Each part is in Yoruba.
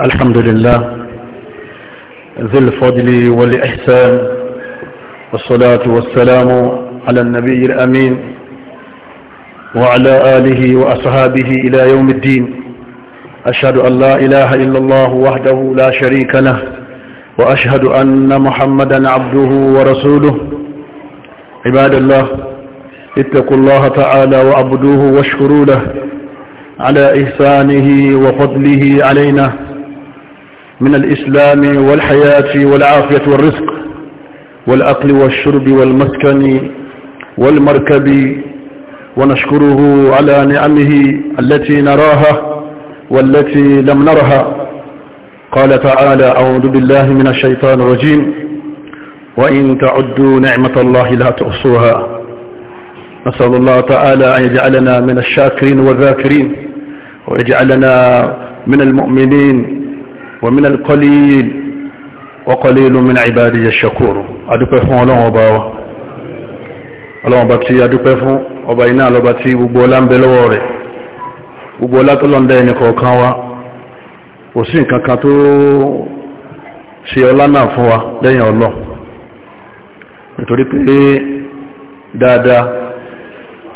الحمد لله ذي الفضل والإحسان والصلاة والسلام على النبي الأمين وعلى آله وأصحابه إلى يوم الدين أشهد أن لا إله إلا الله وحده لا شريك له وأشهد أن محمدا عبده ورسوله عباد الله اتقوا الله تعالى وعبدوه واشكروا له على إحسانه وفضله علينا من الإسلام والحياة والعافية والرزق والأكل والشرب والمسكن والمركب ونشكره على نعمه التي نراها والتي لم نرها قال تعالى أعوذ بالله من الشيطان الرجيم وإن تعدوا نعمة الله لا تحصوها نسأل الله تعالى أن يجعلنا من الشاكرين والذاكرين ويجعلنا من المؤمنين ومن القليل وقليل من عبادي الشكور adúpẹ́ fún Ọlọ́run ọba wa Ọlọ́run ọba tí adúpẹ́ fún ọba iná lọ́ba tí gbogbo ọlá ń bẹ lọ́wọ́ rẹ̀ gbogbo ọlá tó lọ́ndẹ́ ẹni kọ̀ọ̀kan wa kò sí nǹkan kan tó ṣe ọlá náà fún wa lẹ́yìn Ọlọ́run nítorí pé dáadáa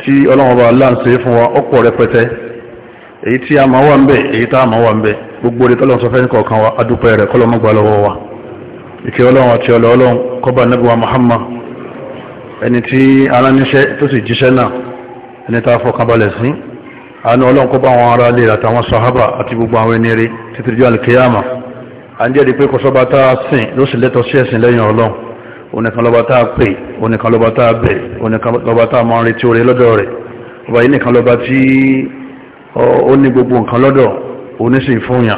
tí Ọlọ́run ọba aláǹsẹ̀ fún wa ọ̀pọ̀ rẹpẹtẹ èyí tí a máa wà ń bẹ èyí tá a máa wà ń bẹ gbogbo rẹ̀ tọ́lọ́ sọ fẹ́ kọ̀ọ̀kan wa adúpẹ́ rẹ̀ kọ́lọ́ mọ́gbà lọ́wọ́ wa ìkẹ́ ọlọ́run àti ọlọ́ ọlọ́run kọ́ba nẹ́bí wa Muhammad ẹni tí aláníṣẹ́ tó sì jíṣẹ́ náà ẹni tá a fọkànbalẹ̀ sí àánú ọlọ́run kọ́ba àwọn ará lè àtàwọn sahaba àti gbogbo àwọn ẹni rẹ̀ títí jọ àlùkìyàmà à ń jẹ́rìí pé kọ́sọ́ba tá a sìn ló sì lẹ́tọ̀ọ́ sí ẹ̀sìn lẹ́yìn ọlọ́run onìkan lọ́ba tá a pè oníṣì fúnyà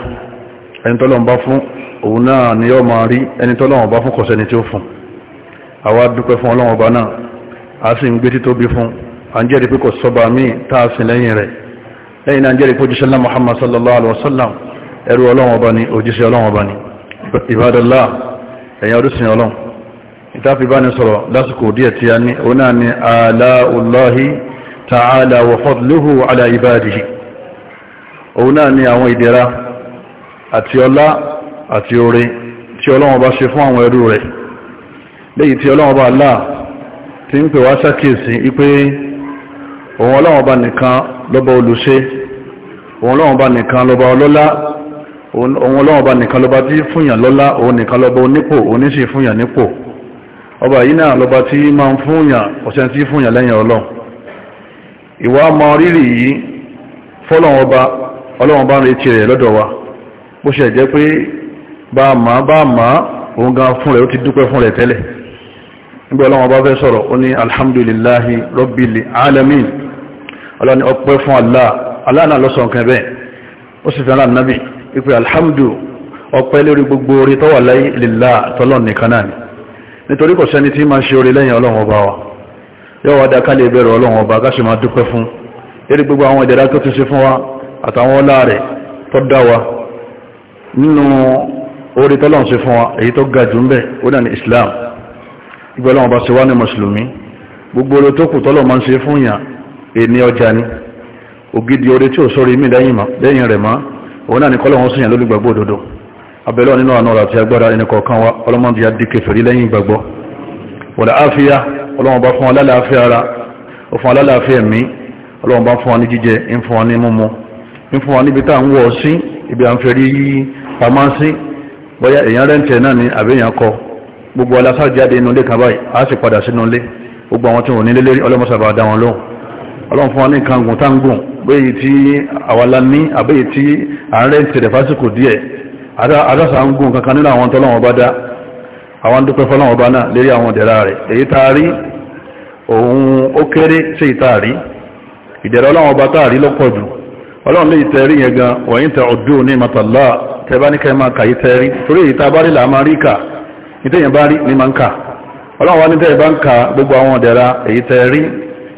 ẹni tọ́lọ́n bá fún òun náà ni yọ́ máa rí ẹni tọ́lọ́n bá fún kọ̀sẹ́ni tí ó fún àwa dúpẹ́ fún ọlọ́run ọba náà a sì ń gbé títóbi fún à ń jẹ́rìí pé kò sọba míì tá Muhammad sallallahu alaihi wasallam ẹrú ọlọ́run ọba ni òjíṣẹ́ ọlọ́run ọba ni ìbádọ́lá ẹ̀yà orísun ọlọ́run a ní òun ta'ala wa fadluhu ala ibadihi òun náà ni àwọn ìdẹ̀ra àti ọlá àti oore tí ọlọ́wọ́n bá ṣe fún àwọn ẹrú rẹ̀ léyìí tí ọlọ́wọ́n bá Allah ti ń pè wá sákèsí ipé òun ọlọ́wọ́n bá nìkan lọ́ba olùṣe òun ọlọ́wọ́n bá nìkan lọ́ba ọlọ́lá òun ọlọ́wọ́n bá nìkan lọ́ba tí fúnyàn lọ́lá òun nìkan lọ́ba onípò oníṣì fúnyàn nípò ọba yìí náà lọ́ba tí máa ń fúnyàn ọ̀sẹ̀ tí fúnyàn lẹ́yìn ọlọ́run ìwà mọ rírì yìí fọ́lọ́wọ́n ọba ọlọ́run bá ń retí rẹ̀ lọ́dọ̀ wa bó ṣe jẹ́ pé bá ma bá ma òun gan fún rẹ̀ ó ti dúpẹ́ fún rẹ̀ tẹ́lẹ̀ nígbà ọlọ́run bá fẹ́ sọ̀rọ̀ ó ní alhamdulillahi rabbil alamin ọlọ́ni ọpẹ́ fún Allah Allah náà lọ́sọ̀ nǹkan bẹ́ẹ̀ ó sì fẹ́ràn nábì ipé alhamdu ọpẹ́ lórí gbogbo orí tọ́wà láyé lílá tọ́lọ́ nìkan náà ni nítorí kò sẹ́ni àtàwọn ọlá rẹ̀ tó dáwa nínú orí tọ́lọ̀ sí fún wa èyí tó ga jù ń bẹ̀ ó dà ní Islam ìgbọ́lọ́wọ́n bá ṣe wá ní mùsùlùmí gbogbo orí tó kù tọ́lọ̀ máa ń ṣe fún yàn èní ọjà ni ògidì orí tí ò sórí mí lẹ́yìn rẹ̀ máa òun náà ni kọ́lọ̀wọ́n sí yàn lólùgbàgbọ́ òdodo abẹ́lọ́ nínú àna ọ̀rọ̀ àti ọlọ́wọ́n bá fún wa ní jíjẹ ń fún wa ní mímu ń fún wa níbi tá ń wọ̀ sí ibi à ń fẹ́ rí pamọ́ sí bóyá èèyàn rẹ́ǹtẹ̀ náà ni àbẹ́yàn kọ gbogbo alásájáde inú ilé kan báyìí a sì padà sínú ilé gbogbo àwọn tí wọ́n nílé lérí ọlọ́mọsàbà dá wọn lóhùn ọlọ́run fún wa ní nǹkan gùn táǹgùn bẹ́yìí tí àwàlá ní àbẹ́yìí tí à ń rẹ́ǹtẹ̀ rẹ̀ fásitì díẹ̀ bá dá àwọn lọ́pọ̀ jù ọlọ́run lè tẹ̀rí yẹn gan wọ̀nyí tẹ ọdún ní mọ́tàlá tẹ́bá ní kẹ́mà kàyí tẹ́rí torí èyí tàbá rí làmà rí kà ìtẹ́yìn bá rí ní ma ń kà ọlọ́run wá ní tẹ́ bá ń kà gbogbo àwọn ọ̀dẹ̀ra èyí tẹ́rí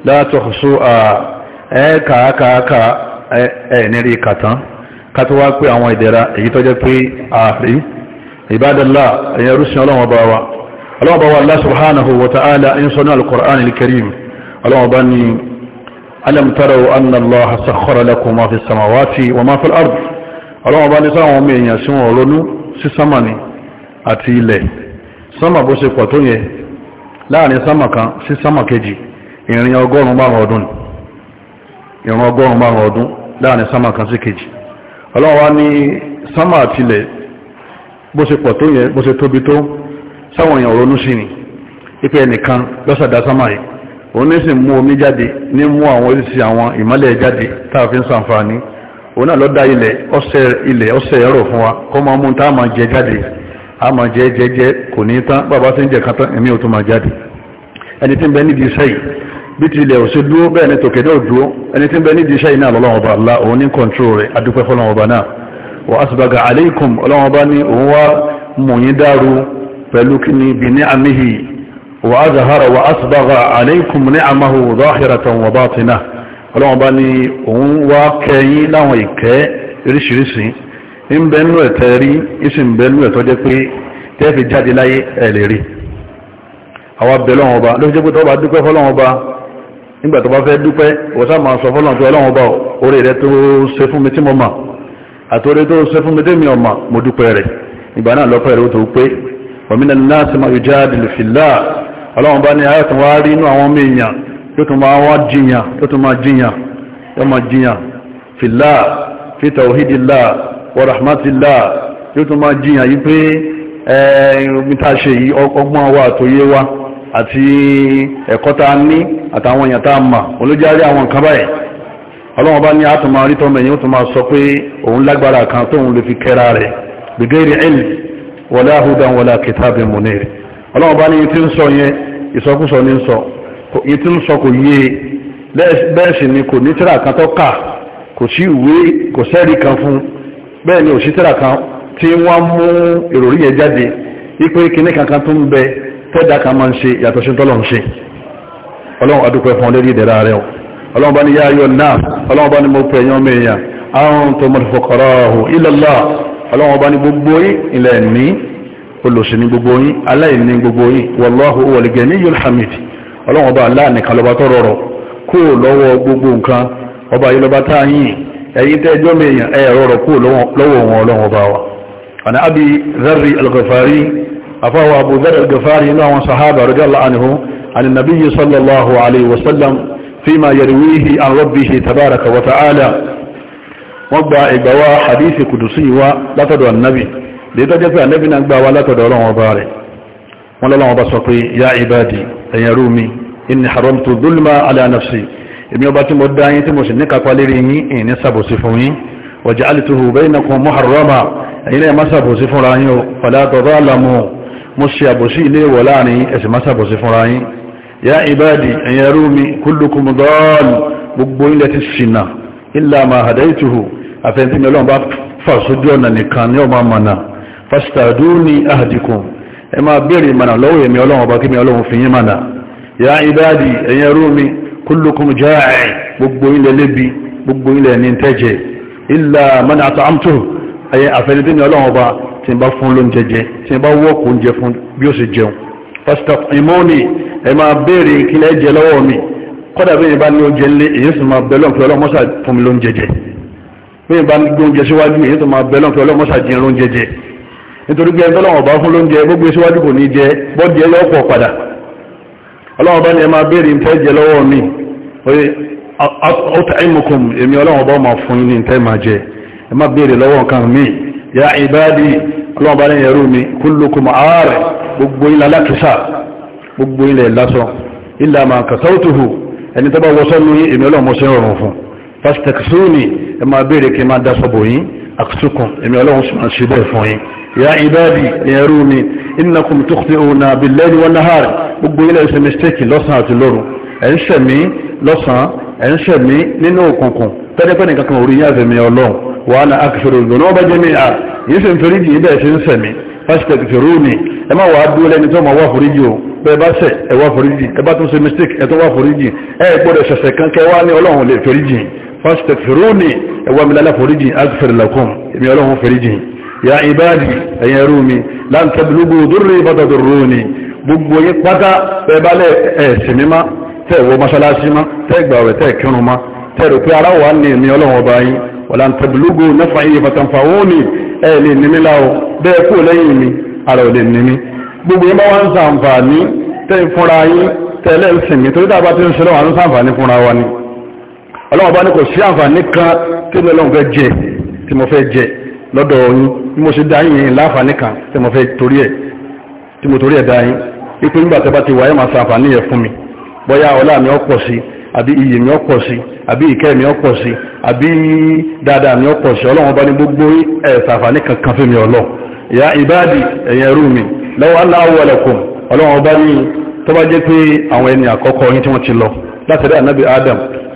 látọ̀ so ẹ̀ẹ́kàákàákà ẹ̀ẹ́nìrí kàtán kátó wá pé àwọn ألم تروا أن الله سخر لكم ما في السماوات وما في الأرض ọlọ́wọ́n bá ní sáwọn ọmọ èèyàn sí wọn ronú sí sánmà ni àti ilẹ̀ sánmà bó ṣe pọ̀ tó yẹ láàrin sánmà kan sí sánmà kejì ìrìn ọgọ́rùn márùn ọdún ìrìn ọgọ́rùn márùn ọdún láàrin sánmà kan sí kejì ọlọ́wọ́n wá ní sánmà àti ilẹ̀ bó ṣe pọ̀ onísìn mú omi jáde ní mú àwọn oríṣi àwọn ìmọ́lẹ̀ jáde táàfin sànfàní oná lọ́dá ilẹ̀ ọ̀sẹ̀ ilẹ̀ ọ̀sẹ̀ ẹ̀rọ fún wa kọ́ máa mú táà máa jẹ jáde a ma jẹ jẹ kò ní tán bàbá tí ń jẹ kátán ẹ̀mí ò tó ma jáde ẹni tí ń bẹ nídìí iṣẹ́ yìí bí ti ilẹ̀ òṣè dúró bẹ́ẹ̀ ni tòkè náà dúró ẹni la òun ní وأظهر وأصبغ عليكم نعمه ظاهرة وباطنة ọlọ́wọ́n bá ní òun wá kẹyìn láwọn ìkẹ́ oríṣiríṣi ń bẹnú ẹ̀tẹ́ rí ìsì ń bẹnú ẹ̀tọ́ jẹ́ pé tẹ́ẹ̀fì jáde láyé ẹ̀lẹ̀ rí àwọn abẹ lọ́wọ́n bá ló fi jẹ́ pé tọ́ba dúpẹ́ fọ́lọ́wọ́n bá nígbà tó bá fẹ́ dúpẹ́ wọ́sá máa ọlọ́run bá ní ayọ́tún wá rí inú àwọn ọmọ èèyàn tó tún máa wá jiyàn tó tún máa jiyàn yọ máa jiyàn fìlà fi tawhidillah wa rahmatillah tó tún máa jiyàn yí pé ẹ̀ẹ́mítà eh, ṣe yí ọgbọ́n wa àtòyé wa àti ẹ̀kọ́ tá a ní àtàwọn èèyàn tá a mà olójárí àwọn nǹkan báyìí ọlọ́run bá ní àtún bá ní tí ń sọ yẹn ìsọkúsọ ní sọ yìí tí sọ kò yé bẹ́ẹ̀ sì ni kò ní tíra kan tó kà kò sí ìwé kò sẹ́rí kan fún bẹ́ẹ̀ ni ò sí tíra kan tí wọ́n mú ìròrí yẹn jáde wípé kíní kankan tó ń bẹ tẹ́dà kan máa ń ṣe yàtọ̀ sí tọ́lọ̀ ń ṣe ọlọ́run adúpẹ́ fún lórí ìdẹ̀ra rẹ̀ o ọlọ́run bá ní yá ayọ̀ náà ọlọ́run bá ní mo pè yan mẹ́yàn àwọn tó mọ̀ fọkọ̀rọ̀ ilẹ̀ ọlọ́run bá ní gbogbo ilẹ̀ ní olùsí ní gbogbo yín aláìní gbogbo yín wallahu huwal ganiyyul hamid ọlọ́run ọba aláàníkan lọ́ba tó rọrọ̀ kú lọ́wọ́ gbogbo nǹkan ọba yìí lọ́ba táà yìn ẹ̀yìn tẹ́ ẹjọ́ mẹ́yàn ẹ̀ rọrọ̀ kú lọ́wọ́ wọn ọlọ́run ọba wa ana abi zarri al-ghafari afawa abu zarri al-ghafari inú àwọn sahaba radiyallahu anhu ani nabiyyi sallallahu alayhi kudusi wa látọ̀dọ̀ annabi lẹ́tọ́ jẹ́ pé ànẹ́bí náà gbà wá látọ̀dọ̀ ọlọ́wọ́n bá rẹ̀ wọ́n lọ́wọ́n bá sọ pé ya ibadi ẹ̀yẹn rú mi inni haramtu dhulma ala nafsi èmi ọba tí mo dá yín tí mo sì níkàpá lérí yín ìní sàbòsí fún yín wa ja'altuhu bainakum muharrama ẹ̀yin náà má sàbòsí fúnra yín o ọmọ mọ̀nà fastaduni ahdikum ẹ máa bèèrè ìmọ̀nà lọ́wọ́ èmi ọlọ́run ọba kí mi ọlọ́run fi yín mọ̀nà ya ibadi ẹ̀yin ẹrú mi kullukum jaa'i gbogbo ilẹ̀ lébi gbogbo ilẹ̀ ní tẹ́jẹ̀ illa man at'amtu ayé àfẹnitẹ́ ni ọlọ́run ọba tí n bá fún lóúnjẹ jẹ tí n bá wọ́ọ̀kù oúnjẹ fún bí ó sì jẹun fastaqimuni ẹ máa bèèrè ìkílẹ̀ nítorí pé ẹ̀ntọ́ lọ́wọ́ bá fún lóúnjẹ gbogbo síwájú kò ní jẹ bọ́dì ẹlọ́pọ̀ padà ọlọ́wọ́ bá ní ẹ máa béèrè ń tẹ́jẹ lọ́wọ́ mi oye ọ̀tàìmùkùn èmi ọlọ́wọ́ bá máa fún ní tẹ́ máa jẹ ẹ máa béèrè lọ́wọ́ nǹkan mi ya ìbáàdì ọlọ́wọ́ bá ní ẹrú mi kullukum ààrẹ gbogbo ilẹ̀ alákìsà gbogbo ilẹ̀ lásán ilẹ̀ àmà kàtàwùtùhù ẹni fásitẹ̀kìsúnì ẹ máa bèèrè kí máa dásọ̀bò yín àkùsùkùn èmi ọlọ́run sì máa ṣe bẹ́ẹ̀ fún yín ya ibadi ẹ̀rú mi innakum tukhti'una bil-layli wan-nahar gbogbo ilẹ̀ ṣe mistake lọ́sàn àti lóru ẹ̀ lọ́sàn ẹ̀ nínú òkùnkùn tẹ́lẹ́pẹ́ nìkan orí yáàfẹ́ mi ọlọ́run wa ana aktharu dhunuba bẹ́ẹ̀ bá ṣẹ̀ ẹ wá ẹ bá tún ṣe mistake ẹ tún wá foríjì ṣẹ̀ṣẹ̀ kan wá ní ọlọ́run lè foríjì fastagfiruni ẹwà mi lálẹ́ foríjì azfir lakum èmi ọlọ́run foríjì ya ibadi ẹ̀yẹn rú mi láǹtẹ̀ lógo dúró bàtà dúró ni gbogbo yín pátá ẹ̀bálẹ̀ ẹ̀sìn mímá tẹ́ẹ̀wọ́ mọ́ṣáláṣí má tẹ́ẹ̀gbàwẹ̀ tẹ́ẹ̀kírun má tẹ́ẹ̀rù pé ara wà ní èmi ọlọ́run ọba yín wọ̀lá ń tẹ̀bùlúgbò náfà iye fàtàǹfàwó ní ẹ̀lẹ́ nímílá o bẹ́ẹ̀ kú lẹ́yìn mi ara ò tẹ́lẹ̀ ń torí dábàá tí ń ṣe lọ́wọ́ à ń sàǹfààní fúnra wa ni ọlọ́wọ́ bá ní kò sí àǹfààní kan tí mo lọ́n fẹ́ jẹ tí mo fẹ́ jẹ lọ́dọ̀ yín bí mo ṣe dá yín láǹfààní kan tí mo fẹ́ torí ẹ̀ tí mo torí ẹ̀ dá yín ipò nígbà tẹ́ bá ti wáyé máa sàǹfààní yẹn fún mi bóyá ọlá mi ó pọ̀ sí àbí iyì mi ó pọ̀ sí àbí ìkẹ́ mi ó pọ̀ sí àbí dáadáa mi ó pọ̀ sí ọlọ́wọ́ bá ní gbogbo ẹ̀ sàǹfààní kankan fún mi mi lọ́wọ́ Adam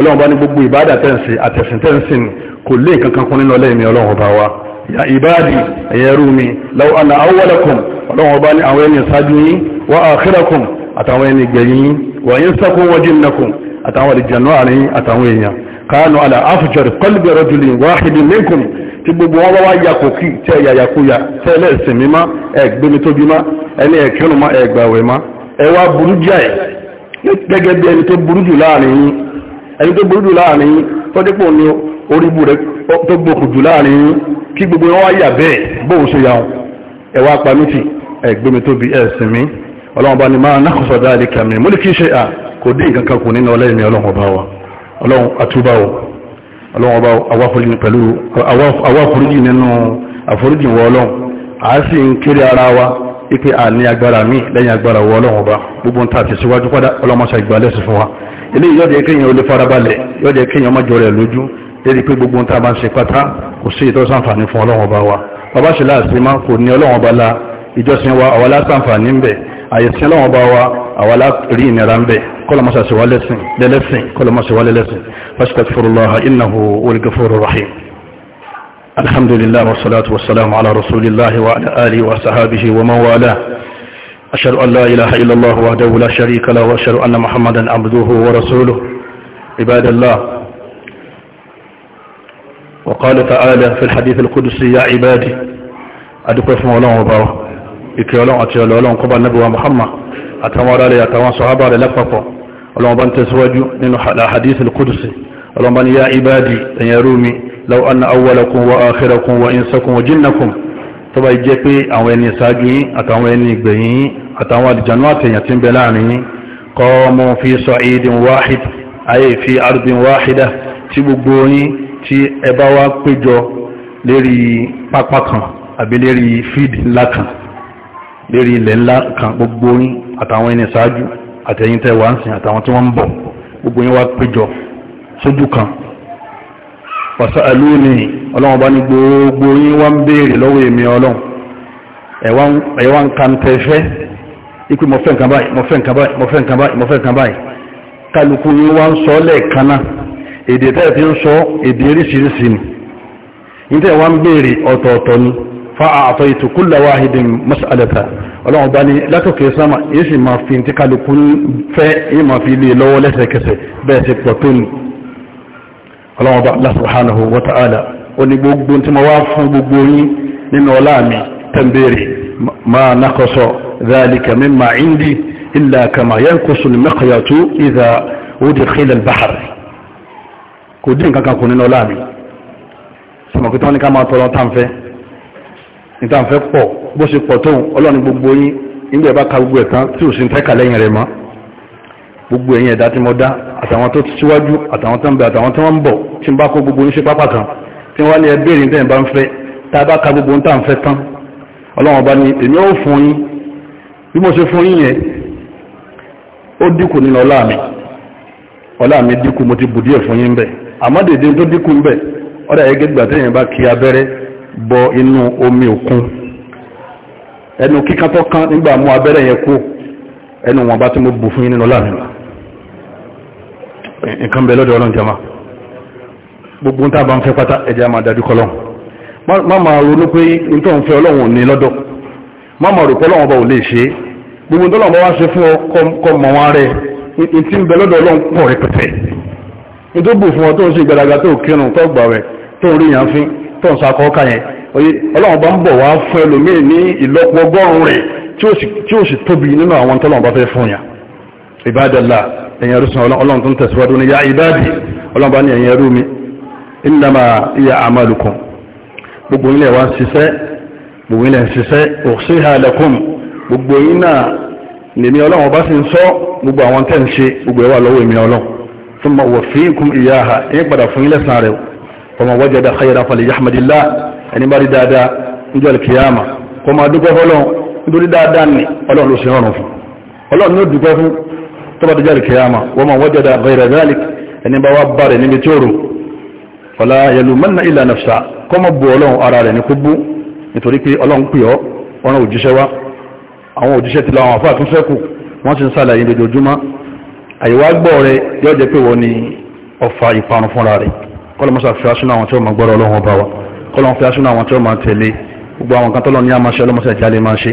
ọlọ́run bá ní gbogbo ìbádà tẹ́ǹsì àtẹ̀sìn tẹ́ǹsì kò lè kankan kún nínú ọlẹ́ẹ̀mí ọlọ́run bá wa ya ìbádì ẹ̀yẹrú mi law anna awwalakum ọlọ́run bá ní àwọn ẹni ṣáájú yín wa akhirakum àtàwọn ẹni gbẹ̀yìn wa insakum wa jinnakum àtàwọn àdìjànú àárín àtàwọn èèyàn kanu ala afjar qalbi rajulin wahidin minkum tí gbogbo wọn bá wá yakò kí tẹ́ yàyàkúyà tẹ́ lẹ́sìn mímá ẹ̀gbẹ́mi tóbi má ẹni ẹ̀kírun má ẹ̀gbàwẹ̀ má ẹwà burú gẹ́gẹ́ bí ẹni tó burú jù láàrin ẹni tó burú jù láàrin tọ́dípò ní oríbu rẹ̀ tó gbòkù jù láàrin kí gbogbo wọn wáyà bẹ́ẹ̀ bóun ṣe yà ẹwà pamítì ẹgbẹ́mi tóbi ẹ̀sìn mi ọlọ́run bá ní máa nákọ̀sọ̀ dáadé kàmí mú ní kí ṣe à kò dín nǹkan kan kù nínú ọlẹ́mí ọlọ́run ọba wa ọlọ́run àtúbà wa ọlọ́run ọba awáforíjì pẹ̀lú awáforíjì nínú àforíjì wọ eléyìí yóò jẹ́ kéèyàn ó lè farabalẹ̀ yóò jẹ́ kéèyàn má jọrẹ̀ lójú lérí pé gbogbo nta bá ń ṣe pátá kò sí ìtọ́sànfàní fún ọlọ́run ọba wa bàbá ṣe láàṣì má kò ní ọlọ́run ọba la ìjọsìn wa àwa lásàǹfààní ń bẹ̀ àyẹ̀sìn ọlọ́run ọba wa àwa lárí ìnira ń bẹ̀ kọlọmọsà sí wa lẹ́sìn lẹ́lẹ́sìn kọlọmọsà wa lẹ́lẹ́sìn fastaghfirullah أشهد أن لا إله إلا الله وحده لا شريك له وأشهد أن محمدا عبده ورسوله عباد الله وقال تعالى في الحديث القدسي يا عبادي أدقف مولان وبارو إكيولون أتيولون قبع النبي محمد أتوارى لي أتوان صحابة للفقه ولو بنت سواجو من الحديث القدسي ولو بان يا عبادي يا رومي لو أن أولكم وآخركم وإنسكم وجنكم tó bá jẹ́ pé àwọn ẹni ìsáájú yín àtàwọn ẹni ìgbẹ̀yìn àtàwọn àdìjànú àtẹ̀yàn tí ń bẹ láàrin yín qamu fi sa'idin wahid ayé fi ardin wahida tí gbogbo yín tí ẹ bá wá péjọ lérí pápá kan àbí lérí fíìdì ńlá kan lérí ilẹ̀ ńlá kan gbogbo yín àtàwọn ẹni ìsáájú àtẹ̀yìn tẹ́ ń sìn àtàwọn tí wọ́n ń bọ̀ gbogbo yín wá péjọ sójú kan fasaluni ọlọ́run bá ní gbogbo yín wá ń béèrè lọ́wọ́ èmi ọlọ́run ẹ̀wà ń kan tẹ́fẹ́ ikú mo fẹ́ nǹkan báyìí mo fẹ́ nǹkan báyìí mo fẹ́ nǹkan báyìí mo fẹ́ nǹkan kálukú yín wá ń sọ lẹ́ẹ̀kan èdè tẹ́ẹ̀ fi ń sọ èdè eríṣiríṣi ni níta ẹ̀wà ń béèrè ọ̀tọ̀ọ̀tọ̀ ni fa àtọ̀ ètò kulla wahidin mas'alata ọlọ́run bá ní látòkè sáma yìí sì máa fi ti kálukú fẹ́ yìí máa fi lè e lọ́wọ́ lẹ́sẹ̀kẹsẹ̀ bẹ́ẹ̀ ti pọ̀ tó ni ọlọ́wọ́n bá Allah subhanahu wa ta'ala ó ní gbogbo tí mo wá fún gbogbo yín nínú ọlá mi tẹ̀m̀bẹ̀rẹ̀ ma naqasa dhalika mimma indi illa kama yanqusu al-miqyatu idha udkhila al-bahr kò dín kankan kù nínú ọlá mi sọmọ pé tí wọ́n ní ká máa tọrọ gbogbo ẹ̀yin ẹ̀dá tí mo dá àtàwọn tó ti síwájú àtàwọn tó ń bẹ àtàwọn tó ń bọ̀ tí ń bá kó gbogbo oníṣẹ́ pápá kan tí wọ́n ní ẹgbẹ́ ìrìn tẹ́yìn bá ń fẹ́ tá a bá ka gbogbo ohun tá à ń fẹ́ tán ọlọ́wọ́n bá ní èmi ó fún yín bí mo ṣe fún yín yẹn ó dínkù nínú ọlá mi ọlá mi dínkù mo ti bù díẹ̀ fún yín bẹ́ẹ̀ àmọ́ dèdè tó dínkù bẹ́ẹ̀ ọ̀dà yẹn gẹ́gbà tẹ́yìn bá kí abẹ́rẹ́ bọ inú omi òkun ẹnu kíkan tó kán nígbà mú abẹ́rẹ́ yẹn kú ẹnu wọn bá tí mo bù fún yín nínú ọlá mi lọ nǹkan bẹ lọ́dọ̀ ọlọ́run jama gbogbo ń tàbá ń fẹ́ pátá ẹ̀jẹ̀ máa dájú kọlọ́ má máa ronú pé nítorí ń fẹ́ ọlọ́run ní lọ́dọ̀ má máa rò pé ọlọ́run ọba ò lè ṣe gbogbo ń tọ́lọ́run bá wá ṣe fún ọ kọ́ mọ̀ wọn rẹ̀ ní tí ń bẹ lọ́dọ̀ ọlọ́run pọ̀ rẹpẹtẹ ní tó bù fún ọ tó ń ṣe ìgbàlagbà tó kírun tó gbà rẹ̀ tó ń rí yàn fín tó ń sakọ ọkà yẹn ọlọ́run bá ń bọ̀ wá fún ẹlòmíì ní ìlọ́pọ̀ ọgọ́rùn-ún rẹ̀ tí ó sì tóbi nínú àwọn tọ́lọ́run bá fẹ́ fún yàn ibadallah ẹ̀yìn ẹrùsùn ọlọ́run tó ń tẹ̀síwájú ní ya ibadi ọlọ́run bá ní ẹ̀yìn ẹrù mi innama iya amalukum gbogbo ilẹ̀ wa ṣiṣẹ́ gbogbo ilẹ̀ ṣiṣẹ́ ukhsiha lakum gbogbo iná nìmi ọlọ́run bá sì ń sọ gbogbo àwọn tẹ́ ń ṣe gbogbo ẹwà lọ́wọ́ èmi ọlọ́run thumma uwaffikum iyaha ẹ̀yìn padà fún ilẹ̀ sàn rẹ̀ faman wajada khayran falyahmadillah ẹni ọlọ́run ló ṣe fún tó bá dìjà kìyàmà wọ́n ma wajada ghayra dhalik ẹni bá wá bá rẹ̀ níbi tí ó rò fala yalumanna illa nafsa kọ́ mọ́ bu ọlọ́run ara rẹ̀ ní kúbú nítorí pé ọlọ́run pè ọ́ ọ̀ràn òjíṣẹ́ wá àwọn òjíṣẹ́ ti láwọn àfáà tún sẹ́kù wọ́n ti ń sàlàyé lójoojúmọ́ àyíwá gbọ́ rẹ̀ yóò jẹ́ pé wọ́n ni ọfà ìparun fúnra rẹ̀ kọ́lọ́mọ́sà fi aṣúná àwọn tí ó ma gbọ́rọ̀ ọlọ́run ọba wa kọ́lọ́mọ́ fi aṣúná àwọn tí ó ma tẹ̀lé gbogbo àwọn kan tọ́lọ́ ní àmàṣẹ́ ọlọ́mọ́sà ìjálẹ̀ máa ṣe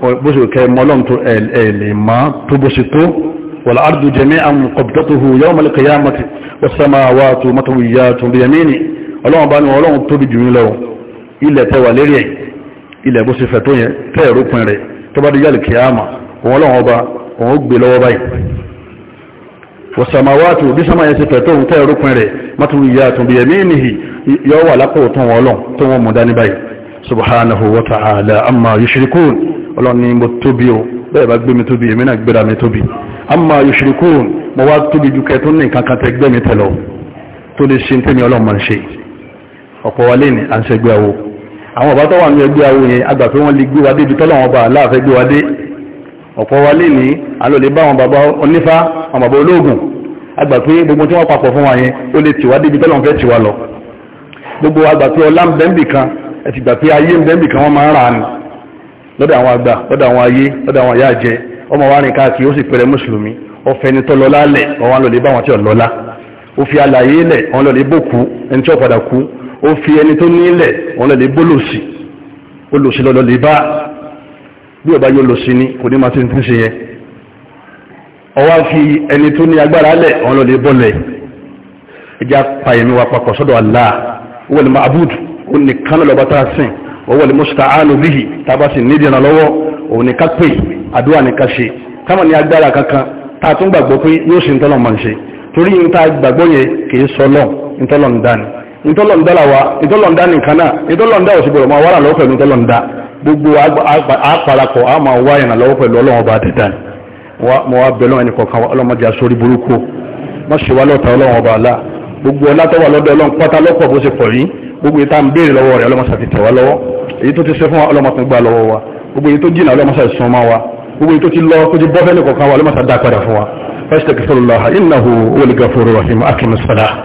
bó ṣe kẹ mọ́lọ́n tó ẹ̀lẹ̀ ma tó bó ṣe tó wal ardu jami'an qabdatuhu yawm al-qiyamati was samawatu matwiyatun bi yamini ọlọ́run bá ní ọlọ́run tóbi jù ní tó yẹn tẹ́ ẹ̀rọpin rẹ̀ bá díjá ọlọ́run ọba bí sama yẹn lápò tó wọn ọlọ́run tó wọn mú dání báyìí subhanahu wa ta'ala amma yushrikun ọlọ́ni mo tóbi o bẹ́ẹ̀ bá gbé mi tóbi èmi náà gbéra mi tóbi amma yushrikun mo wá tóbi ju kẹtún ní nǹkan kan tẹ gbé mi tẹ̀lọ tó lè ṣe tẹ́mi ọlọ́run máa ń ṣe ọ̀pọ̀ wa lé ní à ń ṣẹgbẹ́ awo àwọn ọ̀bá tó wà ní ẹgbẹ́ awo yẹn àgbà pé wọ́n lè gbé wa dé ibi tọ́lọ̀ wọn bá aláàfẹ́ gbé wa dé ọ̀pọ̀ wa lé ní alòlè bá àwọn bàbá onífá àwọn bàbá olóògùn àgbà pé gbogbo tí wọ́n papọ̀ fún wa yẹn ó lè tìwá dé ibi tọ́lọ̀ fẹ́ tìwá lọ gbogbo àgbà pé ọlá ń bẹ́ńbì kan ẹ̀ ti gbà pé ayé ń bẹ́ńbì kan wọ́n máa ń rà á ni lọ́dọ̀ àwọn àgbà lọ́dọ̀ àwọn ayé lọ́dọ̀ àwọn àyá jẹ ọmọ wa rìn káàkiri ó sì pẹ̀rẹ̀ mùsùlùmí ọfẹ́ ni tó lọ́lá lẹ̀ ọwọ́ àwọn lòlẹ́ bá wọn tí ò lọ́lá ó fi alàyé lẹ̀ wọn lọ́lẹ́ bó kú ẹni tí ó padà kú ó fi ẹni tó ní lẹ̀ wọn bó lòsì ó lòsì lọ́lọ́lẹ́ bá bí ọba yóò lòsì ni kò ní máa ti ń ṣe yẹn ọwọ́ fi ẹni tó ní agbára lẹ̀ wọn lọ́lẹ́ bọ́ lẹ̀ ẹja pa ẹ̀mí wa papọ̀ sọ́dọ̀ Allah wọ́n ni ma'abudu ó nìkan lọ́ba tá a sìn wọ́wọ́ lè musta'anu bihi tába sì nídìí ìrànlọ́ lọ́wọ́ òun ni ká pè àdúrà ní ká ṣe káwọn ní agbára kankan tá a tún gbàgbọ́ pé yóò ṣe ntọ́lọ̀ máa ń ṣe torí ní tá a gbàgbọ́ yẹn kìí sọ lọ ntọ́lọ̀ ń dá ni ntọ́lọ̀ ń dá la wa ntọ́lọ̀ ń dá nìkan gbogbo ọlá tó lọ́dọ̀ ọlọ́run pátá lọ́pọ̀ bó ṣe pọ̀ yìí gbogbo ìta ń béèrè lọ́wọ́ rẹ̀ ọlọ́mọsà ti tẹ̀wá lọ́wọ́ èyí tó ti ṣe fún wa ọlọ́mọsà gbà lọ́wọ́ wa gbogbo èyí tó jìnà ọlọ́mọsà ìsun ma wa gbogbo èyí tó ti lọ tó ti kọ̀ọ̀kan wa ọlọ́mọsà dá padà fún wa